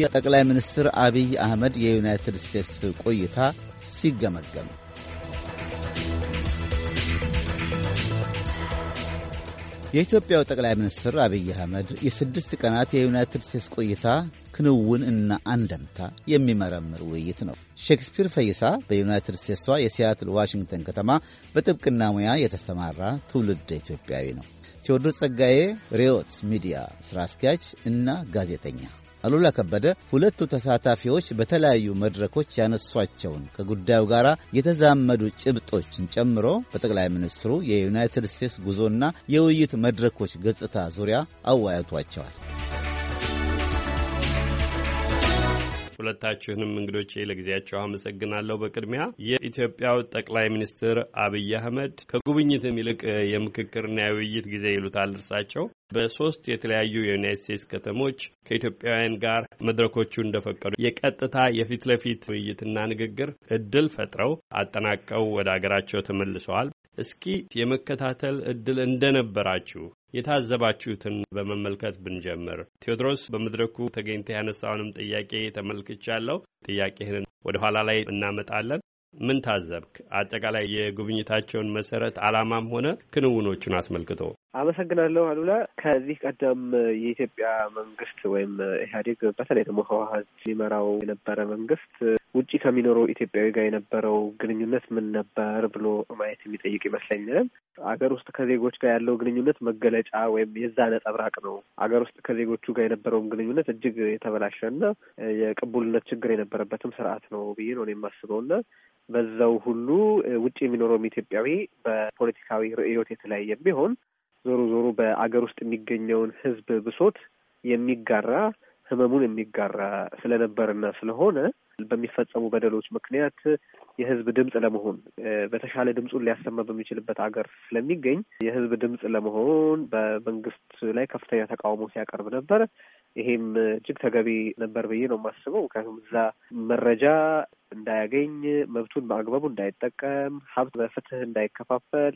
የጠቅላይ ሚኒስትር አብይ አህመድ የዩናይትድ ስቴትስ ቆይታ ሲገመገም የኢትዮጵያው ጠቅላይ ሚኒስትር አብይ አህመድ የስድስት ቀናት የዩናይትድ ስቴትስ ቆይታ ክንውን እና አንደምታ የሚመረምር ውይይት ነው። ሼክስፒር ፈይሳ በዩናይትድ ስቴትሷ የሲያትል ዋሽንግተን ከተማ በጥብቅና ሙያ የተሰማራ ትውልድ ኢትዮጵያዊ ነው። ቴዎድሮስ ጸጋዬ ሪዮት ሚዲያ ሥራ አስኪያጅ እና ጋዜጠኛ አሉላ ከበደ ሁለቱ ተሳታፊዎች በተለያዩ መድረኮች ያነሷቸውን ከጉዳዩ ጋር የተዛመዱ ጭብጦችን ጨምሮ በጠቅላይ ሚኒስትሩ የዩናይትድ ስቴትስ ጉዞና የውይይት መድረኮች ገጽታ ዙሪያ አወያይቷቸዋል። ሁለታችሁንም እንግዶቼ ለጊዜያቸው አመሰግናለሁ። በቅድሚያ የኢትዮጵያው ጠቅላይ ሚኒስትር አብይ አህመድ ከጉብኝትም ይልቅ የምክክርና የውይይት ጊዜ ይሉታል እርሳቸው በሶስት የተለያዩ የዩናይት ስቴትስ ከተሞች ከኢትዮጵያውያን ጋር መድረኮቹ እንደፈቀዱ የቀጥታ የፊት ለፊት ውይይትና ንግግር እድል ፈጥረው አጠናቀው ወደ አገራቸው ተመልሰዋል። እስኪ የመከታተል እድል እንደነበራችሁ የታዘባችሁትን በመመልከት ብንጀምር። ቴዎድሮስ በመድረኩ ተገኝተ ያነሳውንም ጥያቄ ተመልክቻለሁ። ጥያቄህን ወደ ኋላ ላይ እናመጣለን። ምን ታዘብክ? አጠቃላይ የጉብኝታቸውን መሰረት ዓላማም ሆነ ክንውኖቹን አስመልክቶ አመሰግናለሁ አሉላ። ከዚህ ቀደም የኢትዮጵያ መንግስት ወይም ኢህአዴግ በተለይ ደግሞ ህወሀት ሊመራው የነበረ መንግስት ውጭ ከሚኖሩ ኢትዮጵያዊ ጋር የነበረው ግንኙነት ምን ነበር ብሎ ማየት የሚጠይቅ ይመስለኛል። አገር ውስጥ ከዜጎች ጋር ያለው ግንኙነት መገለጫ ወይም የዛ ነጸብራቅ ነው። አገር ውስጥ ከዜጎቹ ጋር የነበረውም ግንኙነት እጅግ የተበላሸና የቅቡልነት ችግር የነበረበትም ስርዓት ነው ብዬ ነው የማስበውና በዛው ሁሉ ውጭ የሚኖረውም ኢትዮጵያዊ በፖለቲካዊ ርዕዮት የተለያየ ቢሆን ዞሮ ዞሮ በአገር ውስጥ የሚገኘውን ህዝብ ብሶት የሚጋራ ህመሙን የሚጋራ ስለነበርና ስለሆነ በሚፈጸሙ በደሎች ምክንያት የህዝብ ድምፅ ለመሆን በተሻለ ድምፁን ሊያሰማ በሚችልበት አገር ስለሚገኝ የህዝብ ድምፅ ለመሆን በመንግስት ላይ ከፍተኛ ተቃውሞ ሲያቀርብ ነበር። ይሄም እጅግ ተገቢ ነበር ብዬ ነው የማስበው። ምክንያቱም እዛ መረጃ እንዳያገኝ፣ መብቱን በአግባቡ እንዳይጠቀም፣ ሀብት በፍትህ እንዳይከፋፈል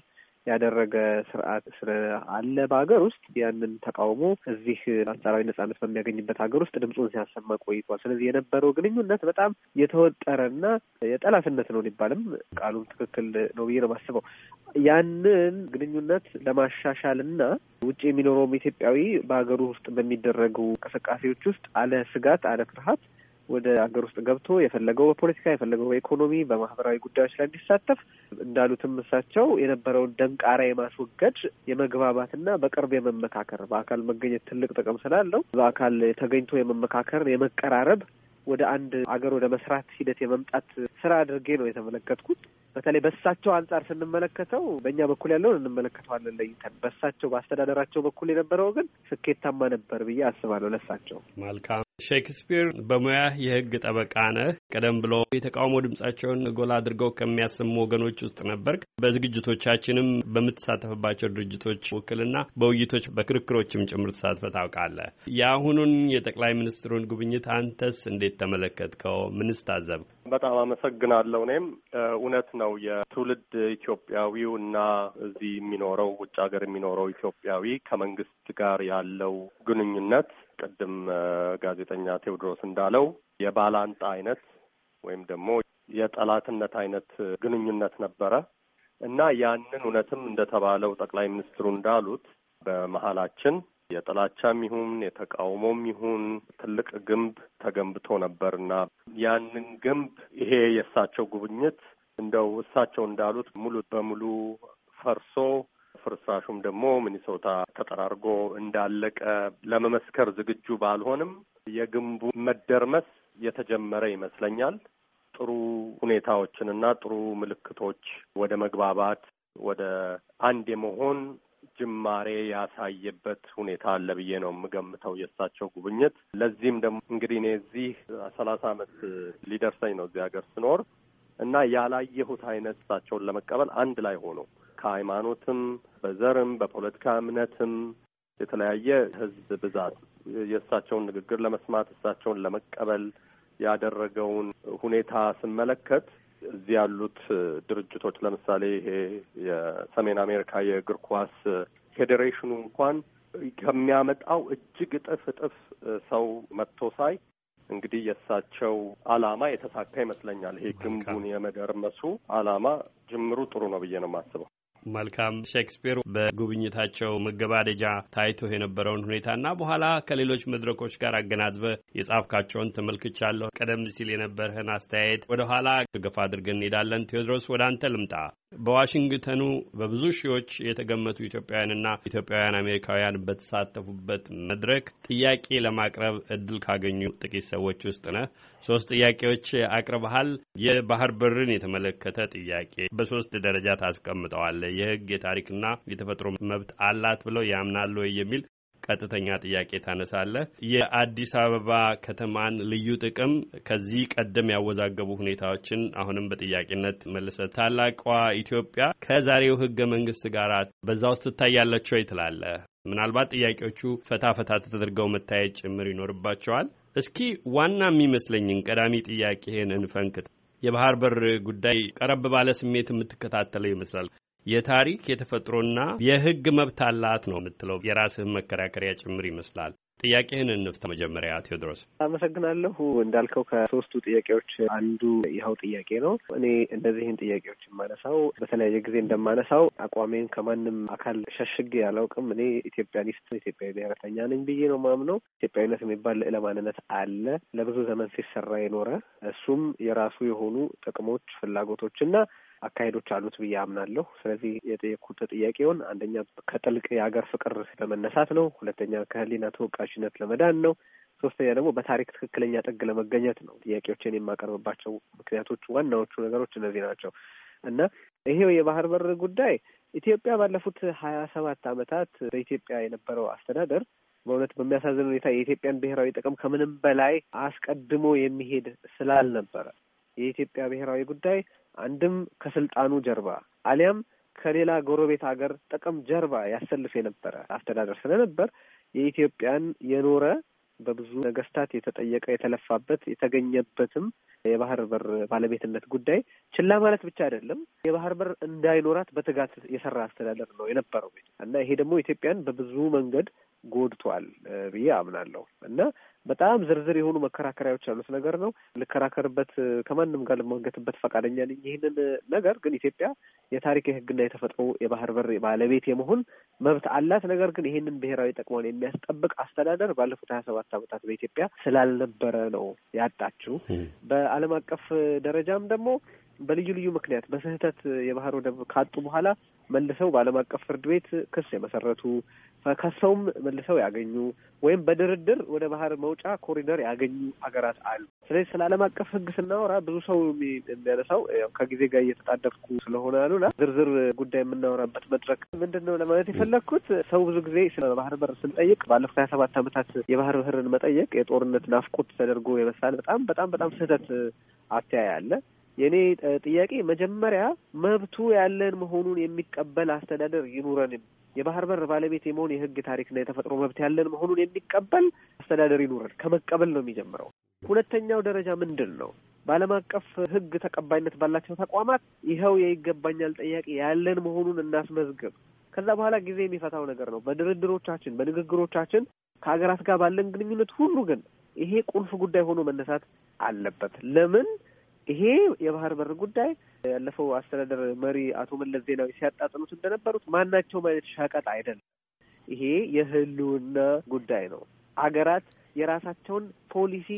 ያደረገ ስርዓት ስለአለ በሀገር ውስጥ ያንን ተቃውሞ እዚህ አንጻራዊ ነጻነት በሚያገኝበት ሀገር ውስጥ ድምፁን ሲያሰማ ቆይቷል። ስለዚህ የነበረው ግንኙነት በጣም የተወጠረና የጠላትነት ነው ሊባልም ቃሉም ትክክል ነው ብዬ ነው የማስበው። ያንን ግንኙነት ለማሻሻልና ውጭ የሚኖረውም ኢትዮጵያዊ በሀገሩ ውስጥ በሚደረጉ እንቅስቃሴዎች ውስጥ አለ ስጋት አለ ፍርሃት ወደ ሀገር ውስጥ ገብቶ የፈለገው በፖለቲካ የፈለገው በኢኮኖሚ በማህበራዊ ጉዳዮች ላይ እንዲሳተፍ እንዳሉትም እሳቸው የነበረውን ደንቃራ የማስወገድ የመግባባትና በቅርብ የመመካከር በአካል መገኘት ትልቅ ጥቅም ስላለው በአካል ተገኝቶ የመመካከር የመቀራረብ ወደ አንድ አገር ወደ መስራት ሂደት የመምጣት ስራ አድርጌ ነው የተመለከትኩት። በተለይ በእሳቸው አንጻር ስንመለከተው በእኛ በኩል ያለውን እንመለከተዋለን ለይተን፣ በእሳቸው በአስተዳደራቸው በኩል የነበረው ግን ስኬታማ ነበር ብዬ አስባለሁ። ለእሳቸው መልካም ሼክስፒር በሙያ የህግ ጠበቃ ነህ። ቀደም ብሎ የተቃውሞ ድምጻቸውን ጎላ አድርገው ከሚያሰሙ ወገኖች ውስጥ ነበርክ። በዝግጅቶቻችንም በምትሳተፍባቸው ድርጅቶች ውክልና በውይይቶች በክርክሮችም ጭምር ተሳትፈ ታውቃለህ። የአሁኑን የጠቅላይ ሚኒስትሩን ጉብኝት አንተስ እንዴት ተመለከትከው? ምንስ ታዘብክ? በጣም አመሰግናለሁ። እኔም እውነት ነው የትውልድ ኢትዮጵያዊው እና እዚህ የሚኖረው ውጭ ሀገር የሚኖረው ኢትዮጵያዊ ከመንግስት ጋር ያለው ግንኙነት ቅድም ጋዜጠኛ ቴዎድሮስ እንዳለው የባላንጣ አይነት ወይም ደግሞ የጠላትነት አይነት ግንኙነት ነበረ እና ያንን እውነትም እንደተባለው ጠቅላይ ሚኒስትሩ እንዳሉት በመሀላችን የጥላቻም ይሁን የተቃውሞም ይሁን ትልቅ ግንብ ተገንብቶ ነበር እና ያንን ግንብ ይሄ የእሳቸው ጉብኝት እንደው እሳቸው እንዳሉት ሙሉ በሙሉ ፈርሶ ፍርስራሹም ደግሞ ሚኒሶታ ተጠራርጎ እንዳለቀ ለመመስከር ዝግጁ ባልሆንም የግንቡ መደርመስ የተጀመረ ይመስለኛል። ጥሩ ሁኔታዎችንና ጥሩ ምልክቶች ወደ መግባባት ወደ አንድ የመሆን ጅማሬ ያሳየበት ሁኔታ አለ ብዬ ነው የምገምተው የእሳቸው ጉብኝት። ለዚህም ደግሞ እንግዲህ እኔ እዚህ ሰላሳ አመት ሊደርሰኝ ነው እዚህ ሀገር ስኖር እና ያላየሁት አይነት እሳቸውን ለመቀበል አንድ ላይ ሆኖ ከሃይማኖትም፣ በዘርም፣ በፖለቲካ እምነትም የተለያየ ህዝብ ብዛት የእሳቸውን ንግግር ለመስማት እሳቸውን ለመቀበል ያደረገውን ሁኔታ ስመለከት እዚህ ያሉት ድርጅቶች ለምሳሌ ይሄ የሰሜን አሜሪካ የእግር ኳስ ፌዴሬሽኑ እንኳን ከሚያመጣው እጅግ እጥፍ እጥፍ ሰው መጥቶ ሳይ እንግዲህ የእሳቸው አላማ የተሳካ ይመስለኛል። ይሄ ግንቡን የመደርመሱ አላማ ጅምሩ ጥሩ ነው ብዬ ነው የማስበው። መልካም ሼክስፒር በጉብኝታቸው መገባደጃ ታይቶ የነበረውን ሁኔታና በኋላ ከሌሎች መድረኮች ጋር አገናዝበ የጻፍካቸውን ተመልክቻለሁ። ቀደም ሲል የነበርህን አስተያየት ወደኋላ ገፋ አድርገን እንሄዳለን። ቴዎድሮስ ወደ አንተ ልምጣ። በዋሽንግተኑ በብዙ ሺዎች የተገመቱ ኢትዮጵያውያንና ኢትዮጵያውያን አሜሪካውያን በተሳተፉበት መድረክ ጥያቄ ለማቅረብ እድል ካገኙ ጥቂት ሰዎች ውስጥ ነህ። ሶስት ጥያቄዎች አቅርበሃል። የባህር በርን የተመለከተ ጥያቄ በሶስት ደረጃ ታስቀምጠዋል። የህግ የታሪክና የተፈጥሮ መብት አላት ብለው ያምናሉ ወይ የሚል ቀጥተኛ ጥያቄ ታነሳለህ። የአዲስ አበባ ከተማን ልዩ ጥቅም ከዚህ ቀደም ያወዛገቡ ሁኔታዎችን አሁንም በጥያቄነት መልሰ ታላቋ ኢትዮጵያ ከዛሬው ህገ መንግስት ጋር በዛ ውስጥ ትታያለች ወይ ትላለህ? ምናልባት ጥያቄዎቹ ፈታ ፈታ ተደርገው መታየት ጭምር ይኖርባቸዋል። እስኪ ዋና የሚመስለኝን ቀዳሚ ጥያቄህን እንፈንክት። የባህር በር ጉዳይ ቀረብ ባለ ስሜት የምትከታተለው ይመስላል። የታሪክ የተፈጥሮና የህግ መብት አላት ነው የምትለው። የራስህን መከራከሪያ ጭምር ይመስላል። ጥያቄህን እንፍታ። መጀመሪያ ቴዎድሮስ አመሰግናለሁ። እንዳልከው ከሶስቱ ጥያቄዎች አንዱ ይኸው ጥያቄ ነው። እኔ እንደዚህን ጥያቄዎች የማነሳው በተለያየ ጊዜ እንደማነሳው አቋሜን ከማንም አካል ሸሽጌ አላውቅም። እኔ ኢትዮጵያኒስት፣ ኢትዮጵያዊ ብሔረተኛ ነኝ ብዬ ነው ማምነው። ኢትዮጵያዊነት የሚባል ልዕለ ማንነት አለ፣ ለብዙ ዘመን ሲሰራ የኖረ እሱም የራሱ የሆኑ ጥቅሞች፣ ፍላጎቶች እና አካሄዶች አሉት ብዬ አምናለሁ። ስለዚህ የጠየኩት ጥያቄውን አንደኛ ከጥልቅ የሀገር ፍቅር ለመነሳት ነው። ሁለተኛ ከህሊና ተወቃሽነት ለመዳን ነው። ሶስተኛ ደግሞ በታሪክ ትክክለኛ ጥግ ለመገኘት ነው። ጥያቄዎችን የማቀርብባቸው ምክንያቶች ዋናዎቹ ነገሮች እነዚህ ናቸው እና ይሄው የባህር በር ጉዳይ ኢትዮጵያ ባለፉት ሀያ ሰባት ዓመታት በኢትዮጵያ የነበረው አስተዳደር በእውነት በሚያሳዝን ሁኔታ የኢትዮጵያን ብሔራዊ ጥቅም ከምንም በላይ አስቀድሞ የሚሄድ ስላልነበረ የኢትዮጵያ ብሔራዊ ጉዳይ አንድም ከስልጣኑ ጀርባ አሊያም ከሌላ ጎረቤት ሀገር ጥቅም ጀርባ ያሰልፍ የነበረ አስተዳደር ስለነበር የኢትዮጵያን የኖረ በብዙ ነገስታት የተጠየቀ የተለፋበት የተገኘበትም የባህር በር ባለቤትነት ጉዳይ ችላ ማለት ብቻ አይደለም። የባህር በር እንዳይኖራት በትጋት የሰራ አስተዳደር ነው የነበረው እና ይሄ ደግሞ ኢትዮጵያን በብዙ መንገድ ጎድቷል ብዬ አምናለሁ እና በጣም ዝርዝር የሆኑ መከራከሪያዎች ያሉት ነገር ነው። ልከራከርበት ከማንም ጋር ልሟገትበት ፈቃደኛ ነኝ። ይህንን ነገር ግን ኢትዮጵያ የታሪክ የሕግና የተፈጥሮ የባህር በር ባለቤት የመሆን መብት አላት። ነገር ግን ይህንን ብሔራዊ ጥቅሟን የሚያስጠብቅ አስተዳደር ባለፉት ሀያ ሰባት ዓመታት በኢትዮጵያ ስላልነበረ ነው ያጣችው። በዓለም አቀፍ ደረጃም ደግሞ በልዩ ልዩ ምክንያት በስህተት የባህር ወደብ ካጡ በኋላ መልሰው በዓለም አቀፍ ፍርድ ቤት ክስ የመሰረቱ ከሰውም መልሰው ያገኙ ወይም በድርድር ወደ ባህር መውጫ ኮሪደር ያገኙ ሀገራት አሉ። ስለዚህ ስለ ዓለም አቀፍ ሕግ ስናወራ ብዙ ሰው የሚያነሳው ከጊዜ ጋር እየተጣደፍኩ ስለሆነ አሉና ዝርዝር ጉዳይ የምናወራበት መድረክ ምንድን ነው ለማለት የፈለግኩት ሰው ብዙ ጊዜ ስለ ባህር በር ስንጠይቅ ባለፉት ሀያ ሰባት ዓመታት የባህር በርን መጠየቅ የጦርነት ናፍቆት ተደርጎ የመሳል በጣም በጣም በጣም ስህተት አተያይ አለ። የእኔ ጥያቄ መጀመሪያ መብቱ ያለን መሆኑን የሚቀበል አስተዳደር ይኑረንም። የባህር በር ባለቤት የመሆን የህግ ታሪክና የተፈጥሮ መብት ያለን መሆኑን የሚቀበል አስተዳደር ይኑረን። ከመቀበል ነው የሚጀምረው። ሁለተኛው ደረጃ ምንድን ነው? በዓለም አቀፍ ህግ ተቀባይነት ባላቸው ተቋማት ይኸው የይገባኛል ጥያቄ ያለን መሆኑን እናስመዝግብ። ከዛ በኋላ ጊዜ የሚፈታው ነገር ነው። በድርድሮቻችን፣ በንግግሮቻችን ከሀገራት ጋር ባለን ግንኙነት ሁሉ ግን ይሄ ቁልፍ ጉዳይ ሆኖ መነሳት አለበት። ለምን ይሄ የባህር በር ጉዳይ ያለፈው አስተዳደር መሪ አቶ መለስ ዜናዊ ሲያጣጥኑት እንደነበሩት ማናቸውም አይነት ሸቀጥ አይደለም። ይሄ የህልውና ጉዳይ ነው። አገራት የራሳቸውን ፖሊሲ፣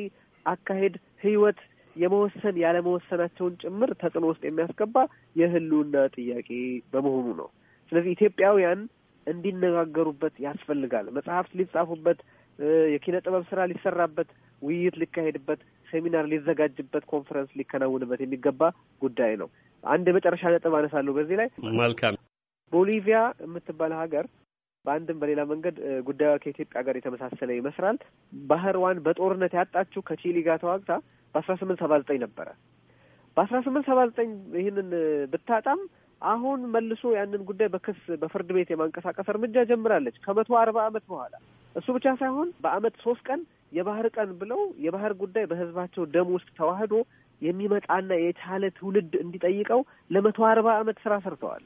አካሄድ፣ ህይወት የመወሰን ያለመወሰናቸውን ጭምር ተጽዕኖ ውስጥ የሚያስገባ የህልውና ጥያቄ በመሆኑ ነው። ስለዚህ ኢትዮጵያውያን እንዲነጋገሩበት ያስፈልጋል። መጽሐፍት ሊጻፉበት፣ የኪነ ጥበብ ስራ ሊሰራበት፣ ውይይት ሊካሄድበት ሴሚናር ሊዘጋጅበት፣ ኮንፈረንስ ሊከናውንበት የሚገባ ጉዳይ ነው። አንድ የመጨረሻ ነጥብ አነሳለሁ በዚህ ላይ መልካም። ቦሊቪያ የምትባል ሀገር በአንድም በሌላ መንገድ ጉዳዩ ከኢትዮጵያ ጋር የተመሳሰለ ይመስላል። ባህርዋን በጦርነት ያጣችው ከቺሊ ጋር ተዋግታ በአስራ ስምንት ሰባ ዘጠኝ ነበረ። በአስራ ስምንት ሰባ ዘጠኝ ይህንን ብታጣም አሁን መልሶ ያንን ጉዳይ በክስ በፍርድ ቤት የማንቀሳቀስ እርምጃ ጀምራለች ከመቶ አርባ ዓመት በኋላ እሱ ብቻ ሳይሆን በአመት ሶስት ቀን የባህር ቀን ብለው የባህር ጉዳይ በህዝባቸው ደም ውስጥ ተዋህዶ የሚመጣና የቻለ ትውልድ እንዲጠይቀው ለመቶ አርባ ዓመት ስራ ሰርተዋል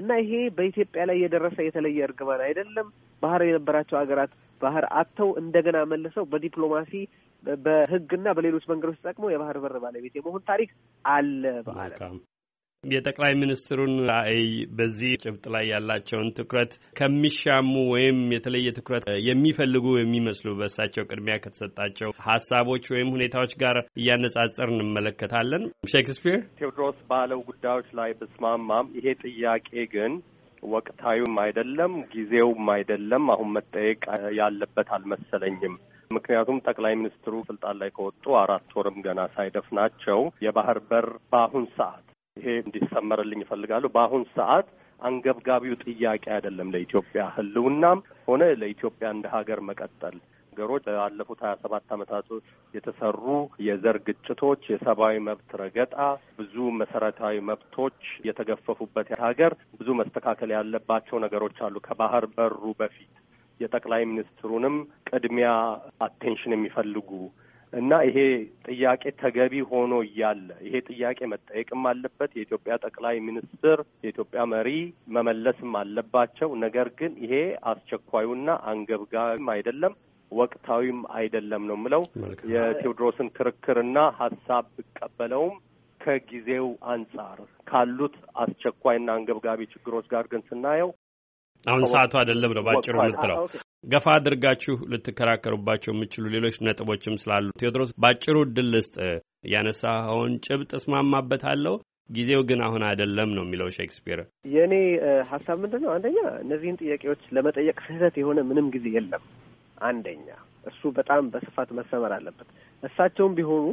እና ይሄ በኢትዮጵያ ላይ የደረሰ የተለየ እርግማን አይደለም። ባህር የነበራቸው ሀገራት ባህር አጥተው እንደገና መልሰው በዲፕሎማሲ በህግና በሌሎች መንገዶች ተጠቅመው የባህር በር ባለቤት የመሆን ታሪክ አለ በዓለም። የጠቅላይ ሚኒስትሩን ራዕይ በዚህ ጭብጥ ላይ ያላቸውን ትኩረት ከሚሻሙ ወይም የተለየ ትኩረት የሚፈልጉ የሚመስሉ በእሳቸው ቅድሚያ ከተሰጣቸው ሀሳቦች ወይም ሁኔታዎች ጋር እያነጻጸር እንመለከታለን። ሼክስፒር ቴዎድሮስ ባለው ጉዳዮች ላይ ብስማማም ይሄ ጥያቄ ግን ወቅታዊም አይደለም፣ ጊዜውም አይደለም፣ አሁን መጠየቅ ያለበት አልመሰለኝም። ምክንያቱም ጠቅላይ ሚኒስትሩ ስልጣን ላይ ከወጡ አራት ወርም ገና ሳይደፍናቸው የባህር በር በአሁን ሰዓት ይሄ እንዲሰመርልኝ ይፈልጋሉ። በአሁን ሰዓት አንገብጋቢው ጥያቄ አይደለም። ለኢትዮጵያ ሕልውናም ሆነ ለኢትዮጵያ እንደ ሀገር መቀጠል ነገሮች ባለፉት ሀያ ሰባት ዓመታት የተሰሩ የዘር ግጭቶች፣ የሰብአዊ መብት ረገጣ፣ ብዙ መሰረታዊ መብቶች የተገፈፉበት ሀገር ብዙ መስተካከል ያለባቸው ነገሮች አሉ። ከባህር በሩ በፊት የጠቅላይ ሚኒስትሩንም ቅድሚያ አቴንሽን የሚፈልጉ እና ይሄ ጥያቄ ተገቢ ሆኖ እያለ ይሄ ጥያቄ መጠየቅም አለበት። የኢትዮጵያ ጠቅላይ ሚኒስትር የኢትዮጵያ መሪ መመለስም አለባቸው። ነገር ግን ይሄ አስቸኳዩና አንገብጋቢም አይደለም፣ ወቅታዊም አይደለም ነው የምለው። የቴዎድሮስን ክርክርና ሀሳብ ብቀበለውም ከጊዜው አንጻር ካሉት አስቸኳይና አንገብጋቢ ችግሮች ጋር ግን ስናየው አሁን ሰዓቱ አይደለም ነው ባጭሩ የምትለው። ገፋ አድርጋችሁ ልትከራከሩባቸው የምችሉ ሌሎች ነጥቦችም ስላሉ ቴዎድሮስ ባጭሩ እድል ልስጥ። ያነሳኸውን ጭብጥ እስማማበታለሁ፣ ጊዜው ግን አሁን አይደለም ነው የሚለው ሼክስፒር። የእኔ ሀሳብ ምንድን ነው? አንደኛ እነዚህን ጥያቄዎች ለመጠየቅ ስህተት የሆነ ምንም ጊዜ የለም። አንደኛ እሱ በጣም በስፋት መሰመር አለበት። እሳቸውም ቢሆኑ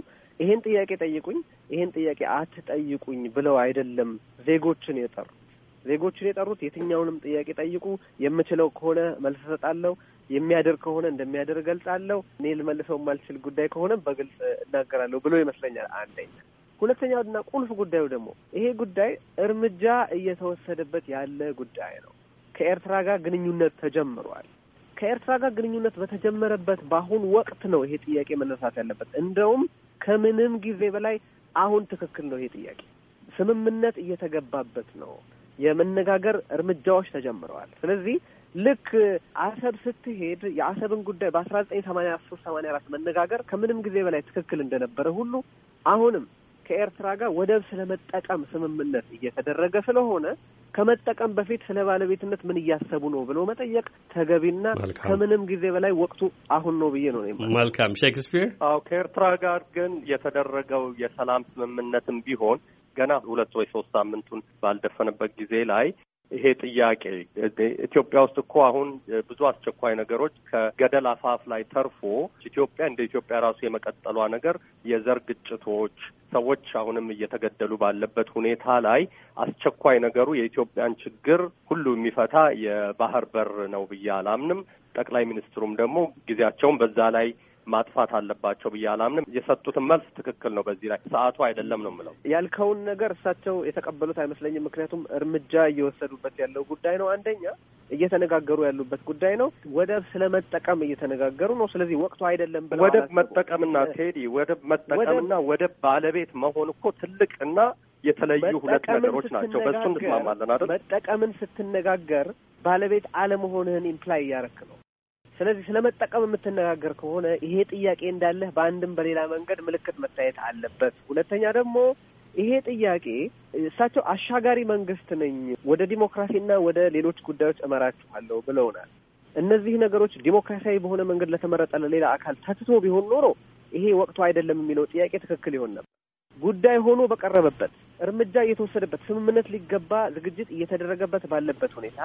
ይሄን ጥያቄ ጠይቁኝ፣ ይሄን ጥያቄ አትጠይቁኝ ብለው አይደለም ዜጎችን የጠሩ ዜጎችን የጠሩት የትኛውንም ጥያቄ ጠይቁ፣ የምችለው ከሆነ መልስ እሰጣለሁ፣ የሚያደርግ ከሆነ እንደሚያደርግ እገልጻለሁ፣ እኔ ልመልሰው የማልችል ጉዳይ ከሆነ በግልጽ እናገራለሁ ብሎ ይመስለኛል። አንደኛ ሁለተኛውና ቁልፍ ጉዳዩ ደግሞ ይሄ ጉዳይ እርምጃ እየተወሰደበት ያለ ጉዳይ ነው። ከኤርትራ ጋር ግንኙነት ተጀምሯል። ከኤርትራ ጋር ግንኙነት በተጀመረበት በአሁን ወቅት ነው ይሄ ጥያቄ መነሳት ያለበት። እንደውም ከምንም ጊዜ በላይ አሁን ትክክል ነው ይሄ ጥያቄ። ስምምነት እየተገባበት ነው። የመነጋገር እርምጃዎች ተጀምረዋል። ስለዚህ ልክ አሰብ ስትሄድ የአሰብን ጉዳይ በአስራ ዘጠኝ ሰማኒያ ሶስት ሰማኒያ አራት መነጋገር ከምንም ጊዜ በላይ ትክክል እንደነበረ ሁሉ አሁንም ከኤርትራ ጋር ወደብ ስለመጠቀም ስምምነት እየተደረገ ስለሆነ ከመጠቀም በፊት ስለ ባለቤትነት ምን እያሰቡ ነው ብሎ መጠየቅ ተገቢና ከምንም ጊዜ በላይ ወቅቱ አሁን ነው ብዬ ነው። መልካም ሼክስፒር። አዎ ከኤርትራ ጋር ግን የተደረገው የሰላም ስምምነትም ቢሆን ገና ሁለት ወይ ሶስት ሳምንቱን ባልደፈንበት ጊዜ ላይ ይሄ ጥያቄ ኢትዮጵያ ውስጥ እኮ አሁን ብዙ አስቸኳይ ነገሮች ከገደል አፋፍ ላይ ተርፎ ኢትዮጵያ እንደ ኢትዮጵያ ራሱ የመቀጠሏ ነገር የዘር ግጭቶች፣ ሰዎች አሁንም እየተገደሉ ባለበት ሁኔታ ላይ አስቸኳይ ነገሩ የኢትዮጵያን ችግር ሁሉ የሚፈታ የባህር በር ነው ብዬ አላምንም። ጠቅላይ ሚኒስትሩም ደግሞ ጊዜያቸውን በዛ ላይ ማጥፋት አለባቸው ብዬ አላምንም። የሰጡትን መልስ ትክክል ነው። በዚህ ላይ ሰዓቱ አይደለም ነው የምለው። ያልከውን ነገር እሳቸው የተቀበሉት አይመስለኝም። ምክንያቱም እርምጃ እየወሰዱበት ያለው ጉዳይ ነው። አንደኛ እየተነጋገሩ ያሉበት ጉዳይ ነው። ወደብ ስለ መጠቀም እየተነጋገሩ ነው። ስለዚህ ወቅቱ አይደለም ብለው ወደብ መጠቀምና ቴዲ ወደብ መጠቀምና ወደብ ባለቤት መሆን እኮ ትልቅ እና የተለዩ ሁለት ነገሮች ናቸው። በእሱ እንስማማለን አይደል? መጠቀምን ስትነጋገር ባለቤት አለመሆንህን ኢምፕላይ እያረክ ነው። ስለዚህ ስለ መጠቀም የምትነጋገር ከሆነ ይሄ ጥያቄ እንዳለህ በአንድም በሌላ መንገድ ምልክት መታየት አለበት። ሁለተኛ ደግሞ ይሄ ጥያቄ እሳቸው አሻጋሪ መንግስት ነኝ ወደ ዲሞክራሲና ወደ ሌሎች ጉዳዮች እመራችኋለሁ ብለውናል። እነዚህ ነገሮች ዲሞክራሲያዊ በሆነ መንገድ ለተመረጠ ለሌላ አካል ተትቶ ቢሆን ኖሮ ይሄ ወቅቱ አይደለም የሚለው ጥያቄ ትክክል ይሆን ነበር። ጉዳይ ሆኖ በቀረበበት እርምጃ እየተወሰደበት ስምምነት ሊገባ ዝግጅት እየተደረገበት ባለበት ሁኔታ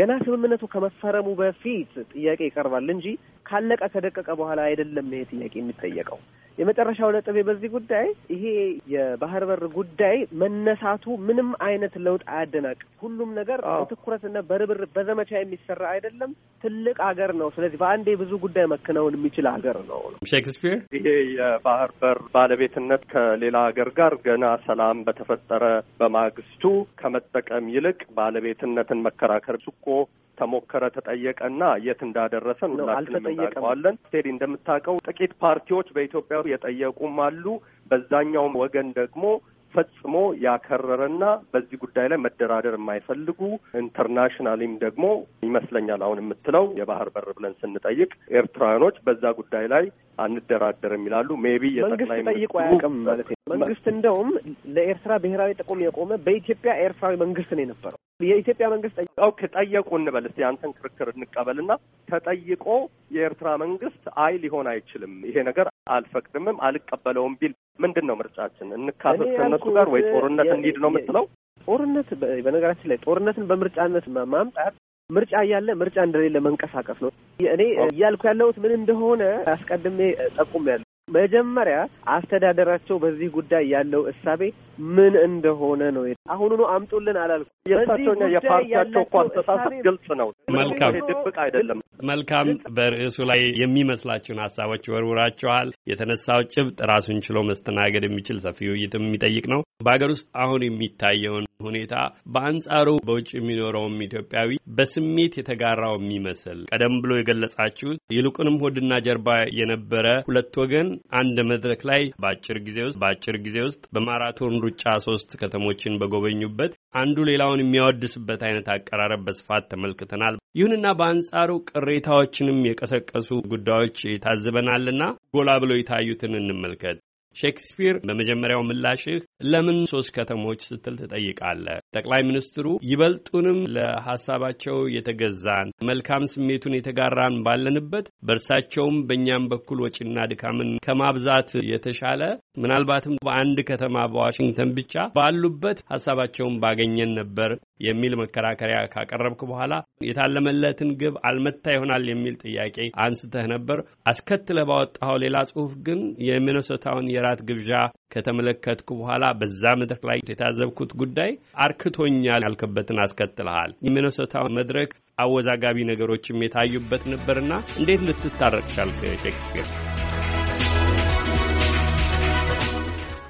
ገና ስምምነቱ ከመፈረሙ በፊት ጥያቄ ይቀርባል እንጂ ካለቀ ከደቀቀ በኋላ አይደለም ይሄ ጥያቄ የሚጠየቀው። የመጨረሻው ነጥብ በዚህ ጉዳይ ይሄ የባህር በር ጉዳይ መነሳቱ ምንም አይነት ለውጥ አያደናቅ። ሁሉም ነገር በትኩረትና በርብር በዘመቻ የሚሰራ አይደለም። ትልቅ ሀገር ነው። ስለዚህ በአንዴ ብዙ ጉዳይ መከናወን የሚችል ሀገር ነው። ሼክስፒር ይሄ የባህር በር ባለቤትነት ከሌላ ሀገር ጋር ገና ሰላም በተፈ በተፈጠረ በማግስቱ ከመጠቀም ይልቅ ባለቤትነትን መከራከር ሱቆ ተሞከረ ተጠየቀና የት እንዳደረሰን ሁላችንም እናውቀዋለን። ስቴዲ እንደምታውቀው ጥቂት ፓርቲዎች በኢትዮጵያ የጠየቁም አሉ። በዛኛውም ወገን ደግሞ ፈጽሞ ያከረረና በዚህ ጉዳይ ላይ መደራደር የማይፈልጉ ኢንተርናሽናሊም ደግሞ ይመስለኛል አሁን የምትለው የባህር በር ብለን ስንጠይቅ ኤርትራውያኖች በዛ ጉዳይ ላይ አንደራደርም ይላሉ። ሜቢ የጠቅላይ ማለት መንግስት እንደውም ለኤርትራ ብሔራዊ ጥቅም የቆመ በኢትዮጵያ ኤርትራዊ መንግስት ነው የነበረው። የኢትዮጵያ መንግስት ኦኬ ጠየቁ እንበል እስኪ አንተን ክርክር እንቀበልና ተጠይቆ የኤርትራ መንግስት አይ ሊሆን አይችልም፣ ይሄ ነገር አልፈቅድምም፣ አልቀበለውም ቢል ምንድን ነው ምርጫችን? እንካፈት ከእነሱ ጋር ወይ ጦርነት እንሂድ ነው የምትለው? ጦርነት በነገራችን ላይ ጦርነትን በምርጫነት ማምጣት ምርጫ እያለ ምርጫ እንደሌለ መንቀሳቀስ ነው። እኔ እያልኩ ያለሁት ምን እንደሆነ አስቀድሜ ጠቁም ያለ መጀመሪያ አስተዳደራቸው በዚህ ጉዳይ ያለው እሳቤ ምን እንደሆነ ነው። አሁኑኑ አምጡልን አላልኩ። የእሳቸውና የፓርቲያቸው እኮ አስተሳሰብ ግልጽ ነው። መልካም ድብቅ አይደለም። መልካም በርዕሱ ላይ የሚመስላችሁን ሀሳቦች ወርውራችኋል። የተነሳው ጭብጥ ራሱን ችሎ መስተናገድ የሚችል ሰፊ ውይይትም የሚጠይቅ ነው። በሀገር ውስጥ አሁን የሚታየውን ሁኔታ በአንጻሩ በውጭ የሚኖረውም ኢትዮጵያዊ በስሜት የተጋራው የሚመስል ቀደም ብሎ የገለጻችሁት ይልቁንም ሆድና ጀርባ የነበረ ሁለት ወገን አንድ መድረክ ላይ በአጭር ጊዜ ውስጥ በአጭር ጊዜ ውስጥ በማራቶን ሩጫ ሶስት ከተሞችን በጎበኙበት አንዱ ሌላውን የሚያወድስበት አይነት አቀራረብ በስፋት ተመልክተናል። ይሁንና በአንጻሩ ቅሬታዎችንም የቀሰቀሱ ጉዳዮች ታዝበናልና ጎላ ብሎ የታዩትን እንመልከት። ሼክስፒር በመጀመሪያው ምላሽህ ለምን ሶስት ከተሞች ስትል ትጠይቃለህ። ጠቅላይ ሚኒስትሩ ይበልጡንም ለሀሳባቸው የተገዛን መልካም ስሜቱን የተጋራን ባለንበት በእርሳቸውም በእኛም በኩል ወጪና ድካምን ከማብዛት የተሻለ ምናልባትም በአንድ ከተማ በዋሽንግተን ብቻ ባሉበት ሀሳባቸውን ባገኘን ነበር የሚል መከራከሪያ ካቀረብክ በኋላ የታለመለትን ግብ አልመታ ይሆናል የሚል ጥያቄ አንስተህ ነበር። አስከትለ ባወጣኸው ሌላ ጽሁፍ ግን የሚነሶታውን የራት ግብዣ ከተመለከትኩ በኋላ በዛ መድረክ ላይ የታዘብኩት ጉዳይ አርክቶኛል ያልክበትን አስከትልሃል። የሚነሶታውን መድረክ አወዛጋቢ ነገሮችም የታዩበት ነበርና እንዴት ልትታረቅ ቻልክ ሼክስፒር?